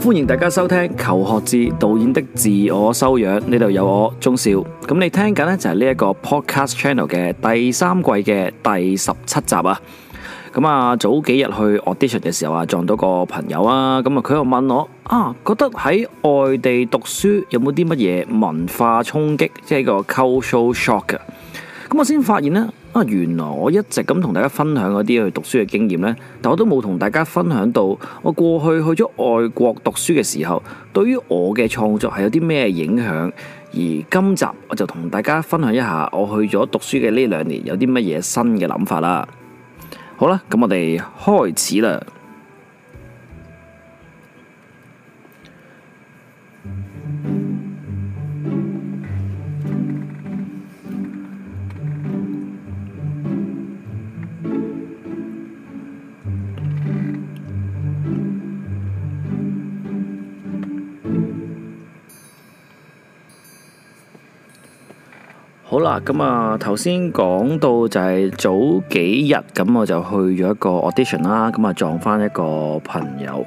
歡迎大家收聽求學志導演的自我修養，呢度有我鍾少。咁你聽緊呢，就係呢一個 podcast channel 嘅第三季嘅第十七集啊。咁啊早幾日去 audition 嘅時候啊，撞到個朋友啊，咁啊佢又問我啊，覺得喺外地讀書有冇啲乜嘢文化衝擊，即係一個 cultural shock。咁我先發現呢。原來我一直咁同大家分享嗰啲去讀書嘅經驗呢，但我都冇同大家分享到我過去去咗外國讀書嘅時候，對於我嘅創作係有啲咩影響。而今集我就同大家分享一下我去咗讀書嘅呢兩年有啲乜嘢新嘅諗法啦。好啦，咁我哋開始啦。好啦，咁啊，頭先講到就係早幾日，咁我就去咗一個 audition 啦，咁啊撞翻一個朋友，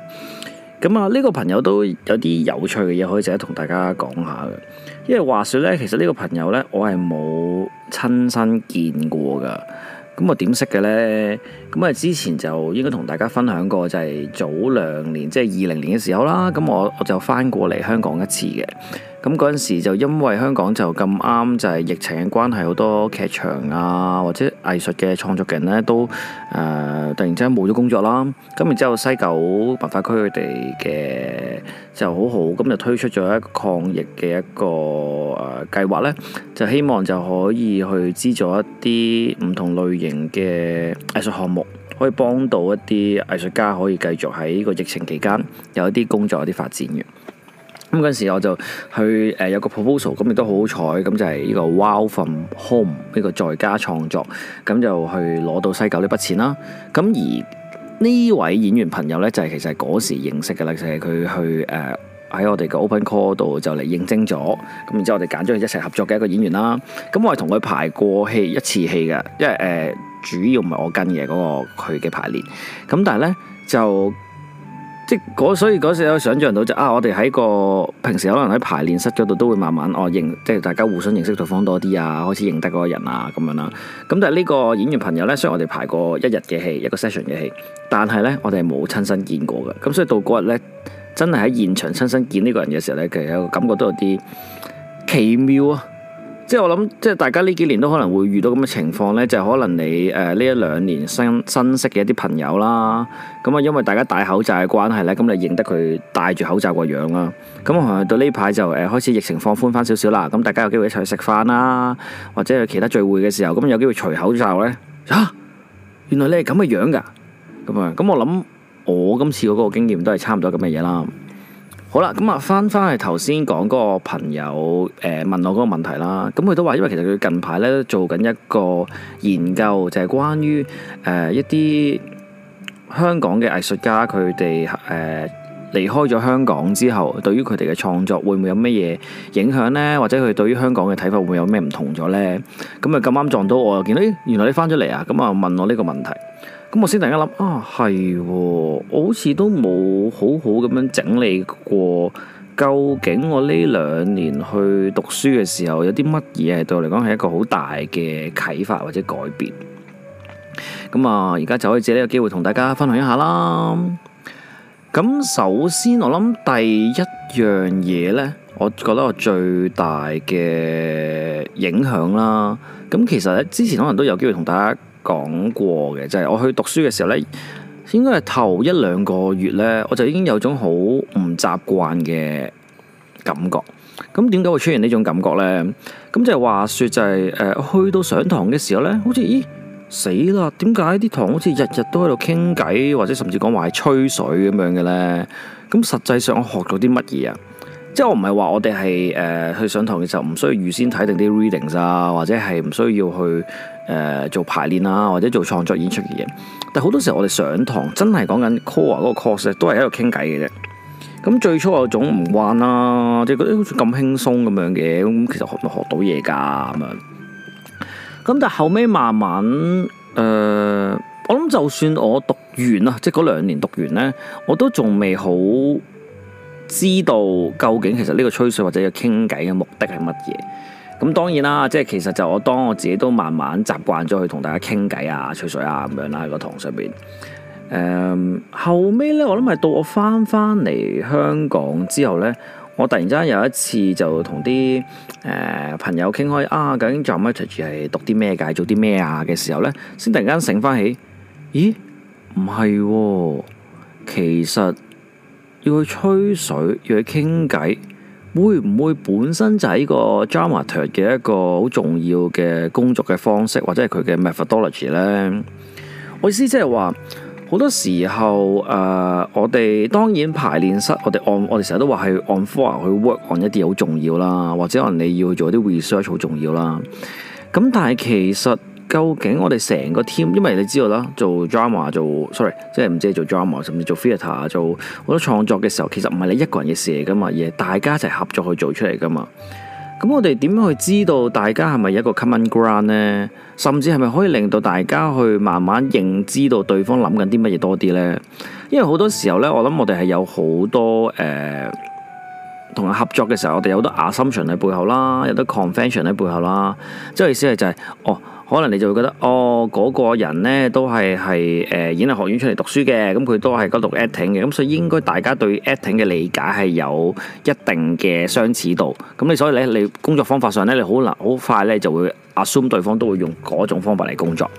咁啊呢個朋友都有啲有趣嘅嘢可以值得同大家講下嘅，因為話說呢，其實呢個朋友呢，我係冇親身見過噶，咁我點識嘅呢？咁啊之前就應該同大家分享過就，就係早兩年，即係二零年嘅時候啦，咁我我就翻過嚟香港一次嘅。咁嗰陣時就因為香港就咁啱就係疫情嘅關係，好多劇場啊或者藝術嘅創作人咧都誒、呃、突然之間冇咗工作啦。咁然之後西九文化區佢哋嘅就好好，咁就推出咗一個抗疫嘅一個誒計劃咧，就希望就可以去資助一啲唔同類型嘅藝術項目，可以幫到一啲藝術家可以繼續喺個疫情期間有一啲工作、有啲發展嘅。咁嗰陣時我就去誒、呃、有個 proposal，咁亦都好好彩，咁就係呢個 Work From Home 呢個在家創作，咁就去攞到西九呢筆錢啦。咁而呢位演員朋友呢，就係、是、其實嗰時認識嘅啦，就係、是、佢去誒喺、呃、我哋嘅 Open Call 度就嚟應徵咗，咁然之後我哋揀咗佢一齊合作嘅一個演員啦。咁我係同佢排過戲一次戲嘅，因為誒、呃、主要唔係我跟嘅嗰、那個佢嘅排練。咁但係呢就。所以嗰時有想像到就啊，我哋喺個平時可能喺排練室嗰度都會慢慢哦認，即係大家互相認識對方多啲啊，開始認得嗰個人啊咁樣啦。咁但係呢個演員朋友呢，雖然我哋排過一日嘅戲，一個 session 嘅戲，但係呢，我哋係冇親身見過嘅。咁所以到嗰日呢，真係喺現場親身見呢個人嘅時候呢，其實有感覺都有啲奇妙啊。即係我諗，即係大家呢幾年都可能會遇到咁嘅情況呢，就係，可能你誒呢、呃、一兩年新新識嘅一啲朋友啦，咁啊因為大家戴口罩嘅關係呢，咁你認得佢戴住口罩個樣啦。咁可能到呢排就誒、呃、開始疫情放寬翻少少啦，咁大家有機會一齊去食飯啦，或者去其他聚會嘅時候，咁有機會除口罩呢。吓、啊，原來你係咁嘅樣噶，咁啊，咁我諗我今次我嗰個經驗都係差唔多咁嘅嘢啦。好啦，咁啊，翻翻去頭先講嗰個朋友誒、呃、問我嗰個問題啦，咁、嗯、佢都話因為其實佢近排咧做緊一個研究，就係、是、關於誒、呃、一啲香港嘅藝術家佢哋誒，離開咗香港之後，對於佢哋嘅創作會唔會有咩嘢影響呢？或者佢對於香港嘅睇法會唔會有咩唔同咗呢？咁啊咁啱撞到我又見到，哎，原來你翻咗嚟啊！咁啊問我呢個問題，咁我先突然間諗，啊係，我好似都冇好好咁樣整理過，究竟我呢兩年去讀書嘅時候有啲乜嘢係對我嚟講係一個好大嘅啟發或者改變？咁啊，而家就可以借呢個機會同大家分享一下啦。咁首先我諗第一樣嘢呢，我覺得我最大嘅影響啦。咁其實咧，之前可能都有機會同大家講過嘅，就係我去讀書嘅時候呢，應該係頭一兩個月呢，我就已經有種好唔習慣嘅感覺。咁點解會出現呢種感覺呢？咁就係話說，就係誒，去到上堂嘅時候呢，好似～咦死啦！點解啲堂好似日日都喺度傾偈，或者甚至講話係吹水咁樣嘅咧？咁實際上我學咗啲乜嘢啊？即係我唔係話我哋係誒去上堂嘅時候唔需要預先睇定啲 readings 咋，或者係唔需要去誒、呃、做排練啊，或者做創作演出嘅嘢。但好多時候我哋上堂真係講緊 core 嗰個 course，都係喺度傾偈嘅啫。咁最初我總唔慣啦，即係覺得好似咁輕鬆咁樣嘅，咁其實學唔學到嘢㗎咁啊？咁但後尾慢慢誒、呃，我諗就算我讀完啦，即係嗰兩年讀完咧，我都仲未好知道究竟其實呢個吹水或者係傾偈嘅目的係乜嘢。咁當然啦，即係其實就我當我自己都慢慢習慣咗去同大家傾偈啊、吹水啊咁樣啦、啊，喺個堂上邊。誒、呃、後尾咧，我諗係到我翻翻嚟香港之後咧。我突然之間有一次就同啲誒朋友傾開啊，究竟 dramaturgy 係讀啲咩嘅，做啲咩啊嘅時候呢，先突然間醒翻起，咦，唔係喎，其實要去吹水，要去傾偈，會唔會本身就係呢個 dramaturg 嘅一個好重要嘅工作嘅方式，或者係佢嘅 methodology 呢？我意思即係話。好多時候，誒、呃，我哋當然，排練室，我哋按我哋成日都話係 on floor 去 work on 一啲嘢好重要啦，或者可能你要去做啲 research 好重要啦。咁但係其實究竟我哋成個 team，因為你知道啦，做 drama 做 sorry，即係唔知係做 drama，甚至做 filmmaker 做好多創作嘅時候，其實唔係你一個人嘅事嚟㗎嘛，而係大家一齊合作去做出嚟㗎嘛。咁我哋點樣去知道大家係咪一個 common ground 呢？甚至係咪可以令到大家去慢慢認知到對方諗緊啲乜嘢多啲呢？因為好多時候呢，我諗我哋係有好多誒、呃同佢合作嘅時候，我哋有好多 assumption 喺背後啦，有好多 convention 喺背後啦，即係意思係就係、是，哦，可能你就會覺得，哦，嗰、那個人呢都係係誒演藝學院出嚟讀書嘅，咁佢都係嗰讀 acting 嘅，咁所以應該大家對 acting 嘅理解係有一定嘅相似度，咁你所以咧，你工作方法上咧，你好難好快咧就會 assume 對方都會用嗰種方法嚟工作。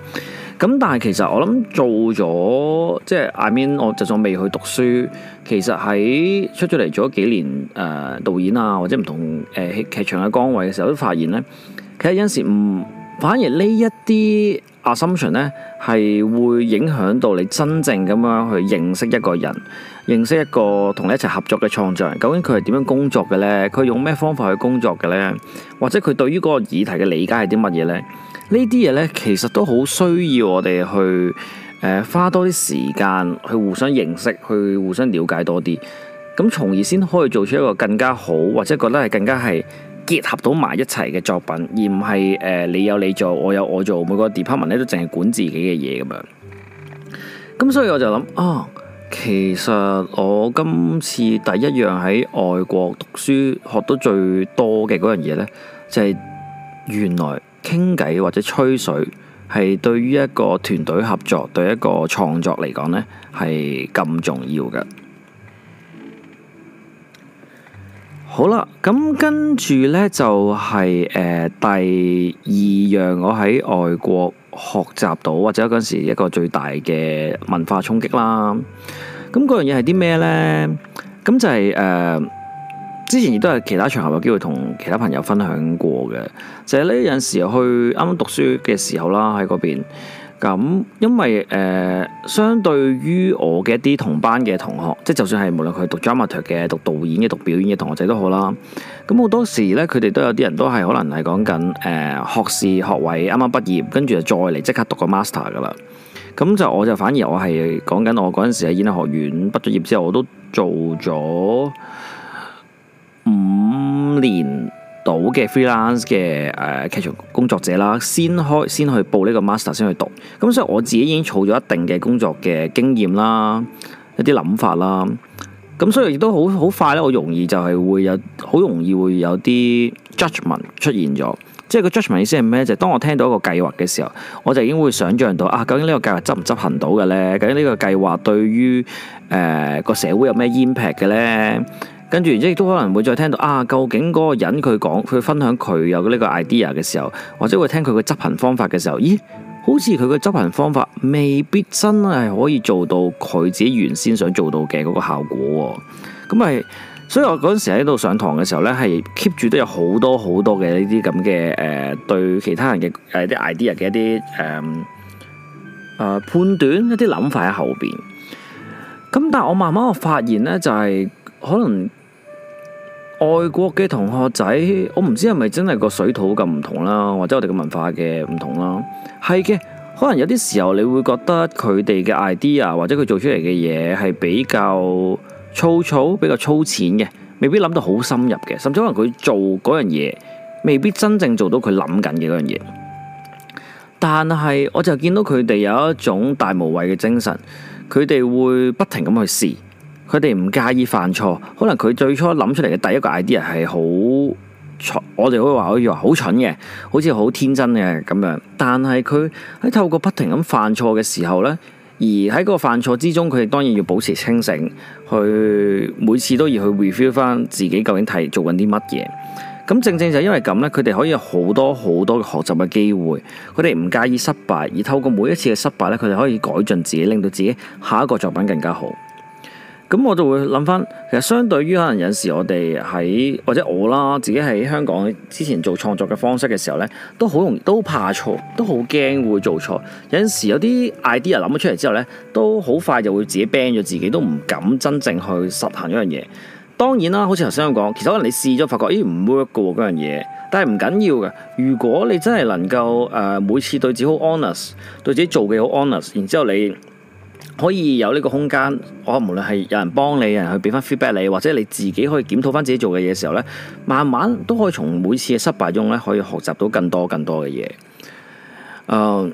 咁但係其實我諗做咗即係 I mean，我就仲未去讀書，其實喺出咗嚟做咗幾年誒、呃、導演啊，或者唔同誒劇、呃、場嘅崗位嘅時候，都發現咧，其實有時唔反而呢一啲。Assumption 咧係會影響到你真正咁樣去認識一個人，認識一個同你一齊合作嘅創造人。究竟佢係點樣工作嘅呢？佢用咩方法去工作嘅呢？或者佢對於個議題嘅理解係啲乜嘢呢？呢啲嘢呢，其實都好需要我哋去、呃、花多啲時間去互相認識，去互相了解多啲，咁從而先可以做出一個更加好，或者覺得係更加係。結合到埋一齊嘅作品，而唔係誒，你有你做，我有我做，每個 department 咧都淨係管自己嘅嘢咁樣。咁所以我就諗啊、哦，其實我今次第一樣喺外國讀書學到最多嘅嗰樣嘢呢，就係原來傾偈或者吹水係對於一個團隊合作、對一個創作嚟講呢，係咁重要嘅。好啦，咁跟住呢就係、是、誒、呃、第二樣我喺外國學習到或者嗰陣時一個最大嘅文化衝擊啦。咁嗰樣嘢係啲咩呢？咁就係、是、誒、呃、之前亦都係其他場合有機會同其他朋友分享過嘅，就係、是、呢，有陣時去啱啱讀書嘅時候啦，喺嗰邊。咁、嗯，因為誒、呃，相對於我嘅一啲同班嘅同學，即係就算係無論佢讀 dramaturg 嘅、讀導演嘅、讀,讀表演嘅同學仔都好啦。咁、嗯、好多時咧，佢哋都有啲人都係可能係講緊誒學士學位啱啱畢業，跟住就再嚟即刻讀個 master 㗎啦。咁、嗯、就我就反而我係講緊我嗰陣時喺演藝學院畢咗業之後，我都做咗五年。到嘅 freelance 嘅誒、uh，劇場工作者啦，先開先去報呢個 master 先去讀，咁所以我自己已經儲咗一定嘅工作嘅經驗啦，一啲諗法啦，咁所以亦都好好快咧，我容易就係會有好容易會有啲 judgment 出現咗，即係個 judgment 意思係咩？就係、是、當我聽到一個計劃嘅時候，我就已經會想像到啊，究竟呢個計劃執唔執行到嘅咧？究竟呢個計劃對於誒個、呃、社會有咩 impact 嘅咧？跟住亦都都可能會再聽到啊，究竟嗰個人佢講佢分享佢有呢個 idea 嘅時候，或者會聽佢嘅執行方法嘅時候，咦？好似佢嘅執行方法未必真係可以做到佢自己原先想做到嘅嗰個效果喎、哦。咁係、就是，所以我嗰陣時喺度上堂嘅時候呢，係 keep 住都有好多好多嘅呢啲咁嘅誒對其他人嘅啲、呃、idea 嘅一啲誒、呃呃、判斷一啲諗法喺後邊。咁但係我慢慢我發現呢，就係、是。可能外國嘅同學仔，我唔知係咪真係個水土咁唔同啦，或者我哋嘅文化嘅唔同啦。係嘅，可能有啲時候你會覺得佢哋嘅 idea 或者佢做出嚟嘅嘢係比較粗糙，比較粗淺嘅，未必諗得好深入嘅，甚至可能佢做嗰樣嘢未必真正做到佢諗緊嘅嗰樣嘢。但係我就見到佢哋有一種大無畏嘅精神，佢哋會不停咁去試。佢哋唔介意犯錯，可能佢最初諗出嚟嘅第一個 idea 係好蠢，我哋可以話可以話好蠢嘅，好似好天真嘅咁樣。但係佢喺透過不停咁犯錯嘅時候咧，而喺個犯錯之中，佢哋當然要保持清醒，去每次都要去 review 翻自己究竟係做緊啲乜嘢。咁正正就因為咁咧，佢哋可以有好多好多嘅學習嘅機會。佢哋唔介意失敗，而透過每一次嘅失敗咧，佢哋可以改進自己，令到自己下一個作品更加好。咁我就會諗返，其實相對於可能有陣時我哋喺或者我啦，自己喺香港之前做創作嘅方式嘅時候呢，都好容易都怕錯，都好驚會做錯。有陣時有啲 idea 諗咗出嚟之後呢，都好快就會自己 ban 咗，自己都唔敢真正去實行一樣嘢。當然啦，好似頭先咁講，其實可能你試咗發覺，咦，唔 work 嘅喎，嗰樣嘢，但係唔緊要嘅。如果你真係能夠誒、呃、每次對自己好 honest，對自己做嘅好 honest，然之後你。可以有呢個空間，我無論係有人幫你，有人去俾翻 feedback 你，或者你自己可以檢討翻自己做嘅嘢時候呢，慢慢都可以從每次嘅失敗中呢，可以學習到更多更多嘅嘢、呃。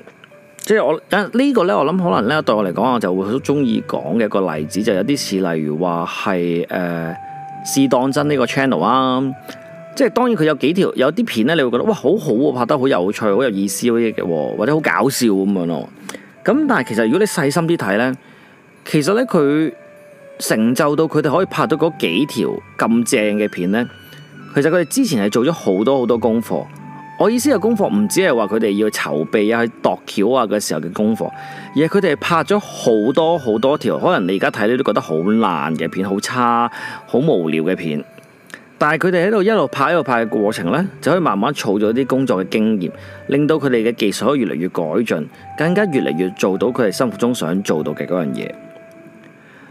即係我，因、這、為、個、呢個呢，我諗可能呢對我嚟講，我就會好中意講嘅一個例子，就有啲似例如話係誒試當真呢個 channel 啊，即係當然佢有幾條有啲片呢，你會覺得哇好好、啊、喎，拍得好有趣，好有意思嗰啲嘅喎，或者好搞笑咁樣咯。咁但係其實如果你細心啲睇呢，其實呢，佢成就到佢哋可以拍到嗰幾條咁正嘅片呢。其實佢哋之前係做咗好多好多功課。我意思係功課唔止係話佢哋要籌備啊、度橋啊嘅時候嘅功課，而係佢哋拍咗好多好多條，可能你而家睇你都覺得好爛嘅片、好差、好無聊嘅片。但係佢哋喺度一路拍一路拍嘅過程呢，就可以慢慢儲咗啲工作嘅經驗，令到佢哋嘅技術可以越嚟越改進，更加越嚟越做到佢哋心目中想做到嘅嗰樣嘢。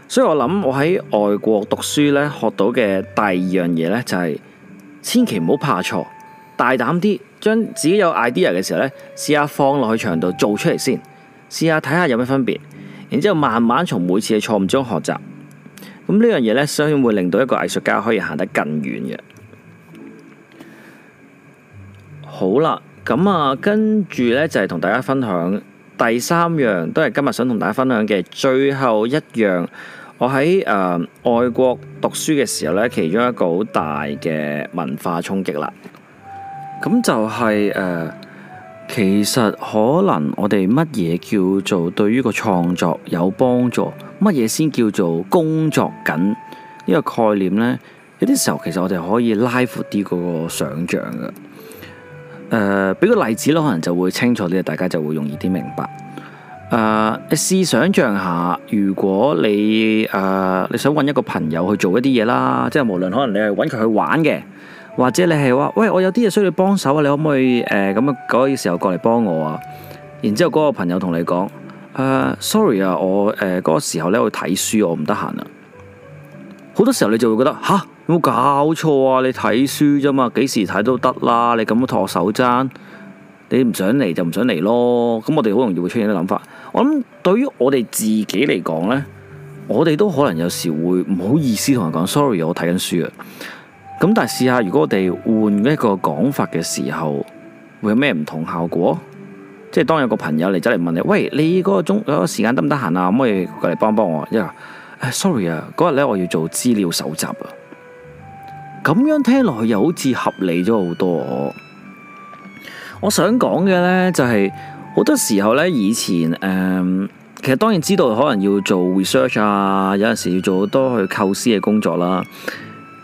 所以我諗，我喺外國讀書呢，學到嘅第二樣嘢呢，就係千祈唔好怕錯，大膽啲，將自己有 idea 嘅時候呢，試下放落去場度做出嚟先，試下睇下有咩分別，然之後慢慢從每次嘅錯誤中學習。咁呢樣嘢呢，相信會令到一個藝術家可以行得更遠嘅。好啦，咁啊，跟住呢，就係、係、同大家分享第三樣，都係今日想同大家分享嘅最後一樣。我喺、呃、外國讀書嘅時候呢，其中一個好大嘅文化衝擊啦。咁就係、係呃其實可能我哋乜嘢叫做對於個創作有幫助，乜嘢先叫做工作緊呢、呢個概念呢，有啲時候其實我哋可以拉闊啲嗰個想象嘅。誒、呃，俾個例子啦，可能就會清楚啲，大家就會容易啲明白。誒、呃，你試想象下，如果你誒、呃、你想揾一個朋友去做一啲嘢啦，即係無論可能你係揾佢去玩嘅。或者你係話喂我有啲嘢需要你幫手啊，你可唔可以誒咁啊嗰個時候過嚟幫我啊？然之後嗰個朋友同你講誒、呃、，sorry 啊，我誒嗰、呃那個時候咧去睇書，我唔得閒啦。好多時候你就會覺得吓有冇搞錯啊？你睇書啫嘛，幾時睇都得啦。你咁樣拖手踭，你唔想嚟就唔想嚟咯。咁我哋好容易會出現啲諗法。我諗對於我哋自己嚟講呢，我哋都可能有時會唔好意思同人講 sorry，我睇緊書啊。咁但係試下，如果我哋換一個講法嘅時候，會有咩唔同效果？即係當有個朋友嚟走嚟問你，喂，你嗰個鐘嗰、嗰個時間得唔得閒啊？可唔可以過嚟幫幫我？因為、哎、sorry 啊，嗰日呢我要做資料搜集啊。咁樣聽落去又好似合理咗好多。我想講嘅呢，就係好多時候呢，以前誒、嗯，其實當然知道可能要做 research 啊，有陣時要做好多去構思嘅工作啦、啊。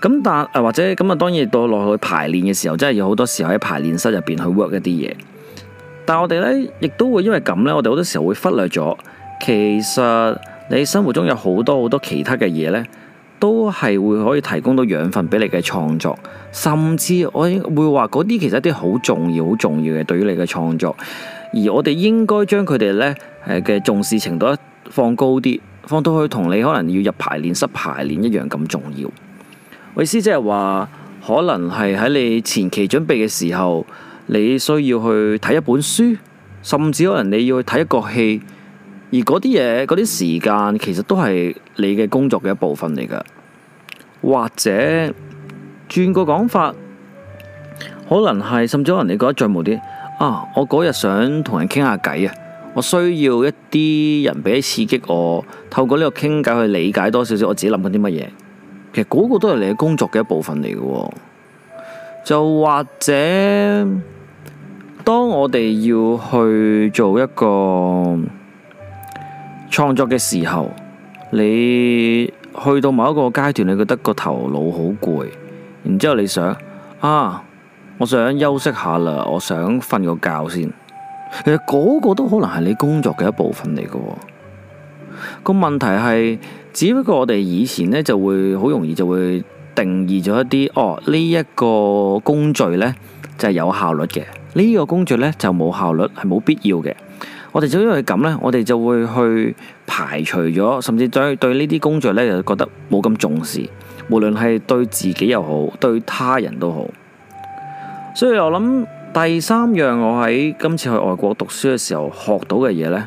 咁但誒或者咁啊，當然到落去排練嘅時候，真係有好多時候喺排練室入邊去 work 一啲嘢。但我哋咧，亦都會因為咁咧，我哋好多時候會忽略咗，其實你生活中有好多好多其他嘅嘢咧，都係會可以提供到養分俾你嘅創作，甚至我會話嗰啲其實啲好重要、好重要嘅對於你嘅創作，而我哋應該將佢哋咧誒嘅重視程度放高啲，放到去同你可能要入排練室排練一樣咁重要。意思即係話，可能係喺你前期準備嘅時候，你需要去睇一本書，甚至可能你要去睇一個戲，而嗰啲嘢，嗰啲時間，其實都係你嘅工作嘅一部分嚟㗎。或者，轉個講法，可能係甚至可能你覺得最無啲啊，我嗰日想同人傾下偈，啊，我需要一啲人俾刺激我，透過呢個傾偈去理解多少少我自己諗緊啲乜嘢。其實嗰個都係你工作嘅一部分嚟㗎喎，就或者當我哋要去做一個創作嘅時候，你去到某一個階段，你覺得個頭腦好攰，然之後你想啊，我想休息下啦，我想瞓個覺先。其實嗰個都可能係你工作嘅一部分嚟㗎喎。個問題係，只不過我哋以前呢就會好容易就會定義咗一啲哦，呢一個工序呢，就係有效率嘅，呢個工序呢，就冇效率，係冇必要嘅。我哋就因為咁呢，我哋就會去排除咗，甚至對對呢啲工序呢，就覺得冇咁重視，無論係對自己又好，對他人都好。所以我諗第三樣，我喺今次去外國讀書嘅時候學到嘅嘢呢。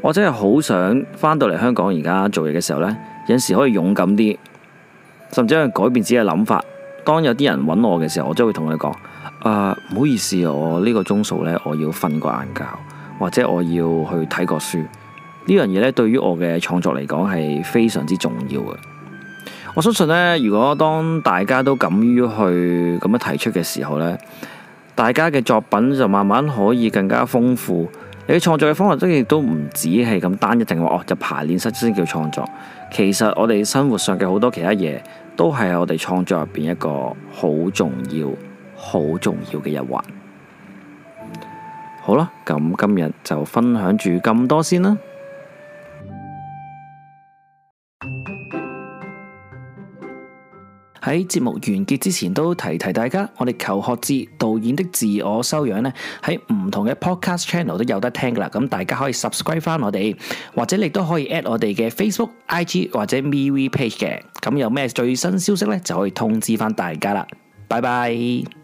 我真係好想返到嚟香港而家做嘢嘅時候呢，有陣時可以勇敢啲，甚至可以改變自己嘅諗法。當有啲人揾我嘅時候，我真係會同佢講，誒、呃，唔好意思，我呢個鐘數呢，我要瞓個晏覺，或者我要去睇個書。呢樣嘢呢，對於我嘅創作嚟講係非常之重要嘅。我相信呢，如果當大家都敢於去咁樣提出嘅時候呢，大家嘅作品就慢慢可以更加豐富。你創作嘅方法當然亦都唔止係咁單一，定話哦，就排練室先叫創作。其實我哋生活上嘅好多其他嘢，都係我哋創作入邊一個好重要、好重要嘅一環。好啦，咁今日就分享住咁多先啦。喺節目完結之前都提提大家，我哋求學志導演的自我修養咧，喺唔同嘅 podcast channel 都有得聽噶啦。咁大家可以 subscribe 翻我哋，或者你都可以 at 我哋嘅 Facebook、IG 或者 MeWe Page 嘅。咁有咩最新消息咧，就可以通知翻大家啦。拜拜。